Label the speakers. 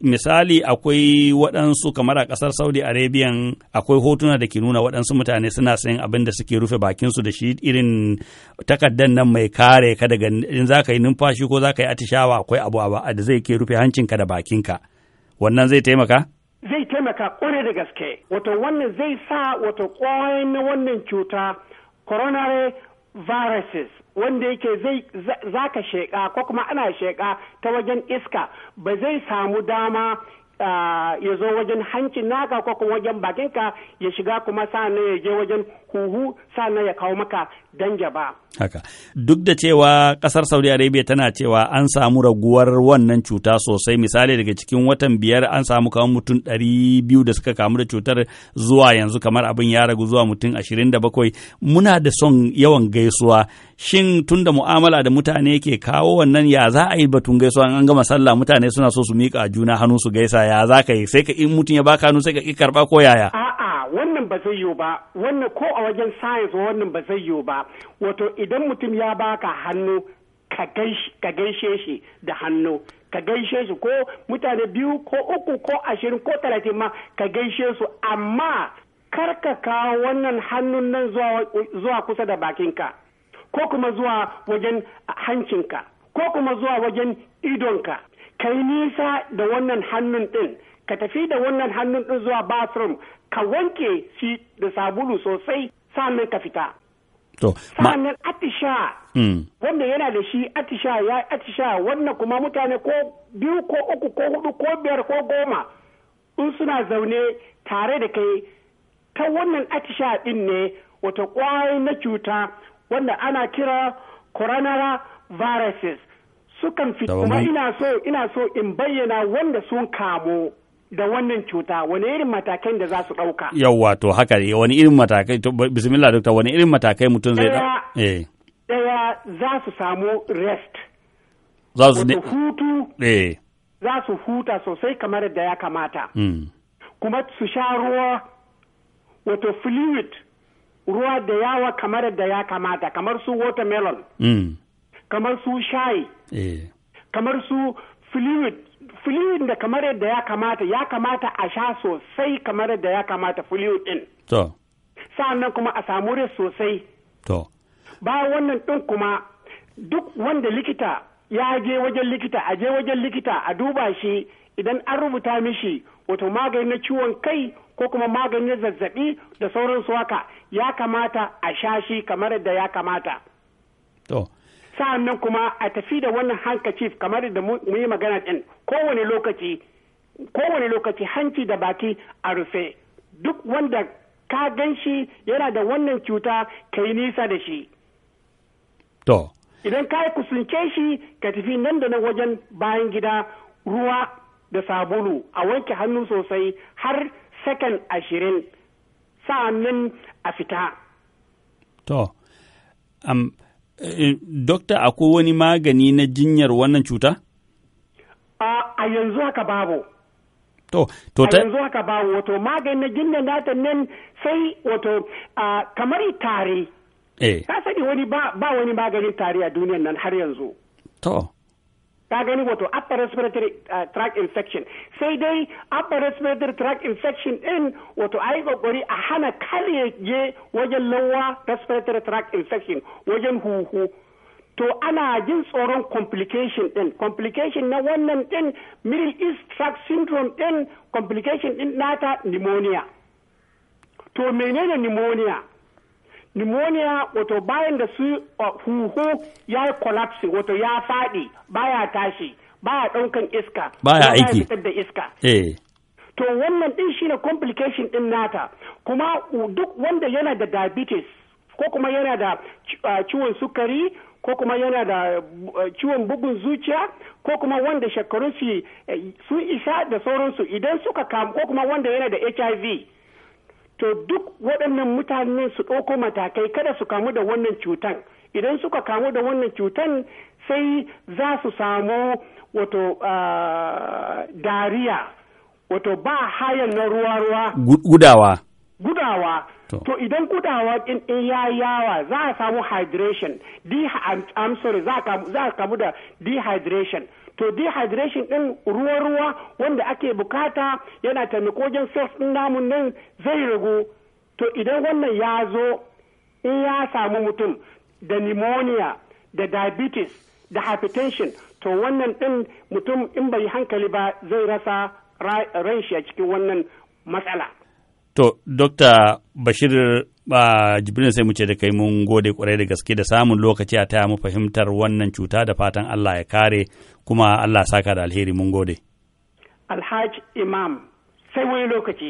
Speaker 1: misali akwai waɗansu kamar a ƙasar saudi arabia akwai hotuna da ke nuna waɗansu mutane suna sayan abin da suke rufe bakinsu da shi irin takardan nan mai kare ka daga in za ka yi numfashi ko za ka yi atishawa akwai abu a da zai ke rufe hancinka da bakinka wannan zai taimaka
Speaker 2: zai taimaka ƙware da gaske wato wannan zai sa wato ƙwayoyin na wannan cuta coronary viruses wanda yake zai za ka sheƙa ko kuma ana sheƙa ta wajen iska ba zai samu dama ya zo wajen hancin naka ko kuma wajen bakin ka ya shiga kuma sa'annan ya je wajen huhu sa'annan ya kawo maka danja ba.
Speaker 1: Haka. Duk da cewa kasar Saudi Arabia tana cewa an samu raguwar wannan cuta sosai misali daga cikin watan biyar an samu kamar mutum ɗari biyu da suka kamu da cutar zuwa yanzu kamar abin ya ragu zuwa mutum ashirin da bakwai muna da son yawan gaisuwa shin tun da mu'amala da mutane ke kawo wannan ya za a yi batun gaisuwa an gama sallah mutane suna so su miƙa juna hannu su gaisa ya za ka yi sai ka in mutum ya baka hannu sai ka ki karba ko yaya
Speaker 2: a'a wannan ba zai yiwu ba wannan ko a wajen science wannan ba zai yiwu ba wato idan mutum ya baka hannu ka gaishe shi da hannu ka gaishe shi ko mutane biyu ko uku ko ashirin ko talatin ma ka gaishe su amma kar ka kawo wannan hannun nan zuwa kusa da bakinka ko kuma zuwa wajen hancinka ko kuma zuwa wajen idonka ka yi nisa da wannan hannun din ka tafi da wannan hannun din zuwa bathroom ka wanke shi da sabulu sosai sannan ka fita sannan atisha mm. wanda yana da shi atisha ya atisha wannan kuma mutane ko biyu ko uku ko hudu ko biyar ko goma in suna zaune tare da kai ta wannan atisha din ne wata kwayoyi na cuta wanda ana kira coronary viruses sukan fi kuma ina so ina so in bayyana wanda sun kamo da wannan cuta wani irin matakai da za su ɗauka.
Speaker 1: Yawwa to haka ne wani irin matakai bismillah doctor wani irin matakai mutum zai ɗauka. Eh.
Speaker 2: Ɗaya za su samu rest.
Speaker 1: Za su ne. hutu. Eh.
Speaker 2: Za su huta sosai kamar da ya kamata. Hmm. Kuma su sha ruwa wato fluid. ruwa da yawa kamar da ya kamata kamar su watermelon mm. kamar su shayi eh. kamar su fluid fluid da kamar yadda ya kamata ya kamata a sha sosai kamar yadda ya kamata fluid din to sannan kuma a samu rai sosai to bayan wannan din kuma duk wanda likita ya je wajen likita a je wajen likita a duba shi idan an rubuta mishi wato magani na ciwon kai ko kuma maganin zazzabi da sauransu haka ya kamata a sha shi kamar da ya kamata. To. nan kuma a tafi da wannan hankacif kamar da mu yi magana ɗin kowane lokaci kowane lokaci hanci da baki a rufe duk wanda ka gan shi yana da wannan cuta ka yi nisa da shi. To. Idan ka yi kusunce shi ka tafi nan da nan wajen bayan gida ruwa da sabulu a wanke hannu sosai har sakan ashirin sa'annin a fita.
Speaker 1: To, um, Dokta, akwai wani magani na jinyar wannan cuta?
Speaker 2: A yanzu haka babu.
Speaker 1: To, to ta... yanzu
Speaker 2: haka babu, wato magani na jinyar nata nan sai wato kamar tare. Eh. Ka sani wani ba, wani maganin tare a duniyar nan har yanzu. To. ta gani wato upper respiratory uh, tract infection sai dai upper respiratory tract infection din wato a yi kokari a hana kare je wajen lower respiratory tract infection wajen huhu to ana jin tsoron complication din complication na wannan din middle east tract syndrome din complication din nata pneumonia to menene pneumonia pneumonia wato bayan da su huhu ya collapse wato ya faɗi baya tashi baya ɗaukan iska baya aiki fitar da iska eh. to wannan din shine complication din nata kuma duk wanda yana da diabetes ko kuma yana da ciwon sukari ko kuma yana da ciwon bugun zuciya ko kuma wanda shekarun eh, su isa da sauransu idan suka kamu ko kuma wanda yana da hiv to duk waɗannan mutane su ɗauko matakai kada su kamu da wannan cutan idan suka kamu da wannan cutan sai za su samu wato ah, dariya wato ba hayan na ruwa-ruwa gudawa gudawa To idan gudawa in ya yawa za a samu hydration, I'm sorry za a kamu da dehydration. To dehydration ɗin ruwa-ruwa wanda ake bukata yana taimako wajen cells din namun nan zai ragu. To idan wannan ya zo in ya samu mutum da pneumonia da diabetes da hypertension to wannan ɗin mutum in bai hankali ba zai rasa ran shi a cikin wannan matsala.
Speaker 1: To, Dokta Bashir ba Jibrin sai mu ce da kai mun gode kwarai da gaske da samun lokaci a taya mu fahimtar wannan cuta da fatan Allah ya kare kuma Allah saka da alheri mun gode.
Speaker 2: Alhaji Imam sai wani lokaci.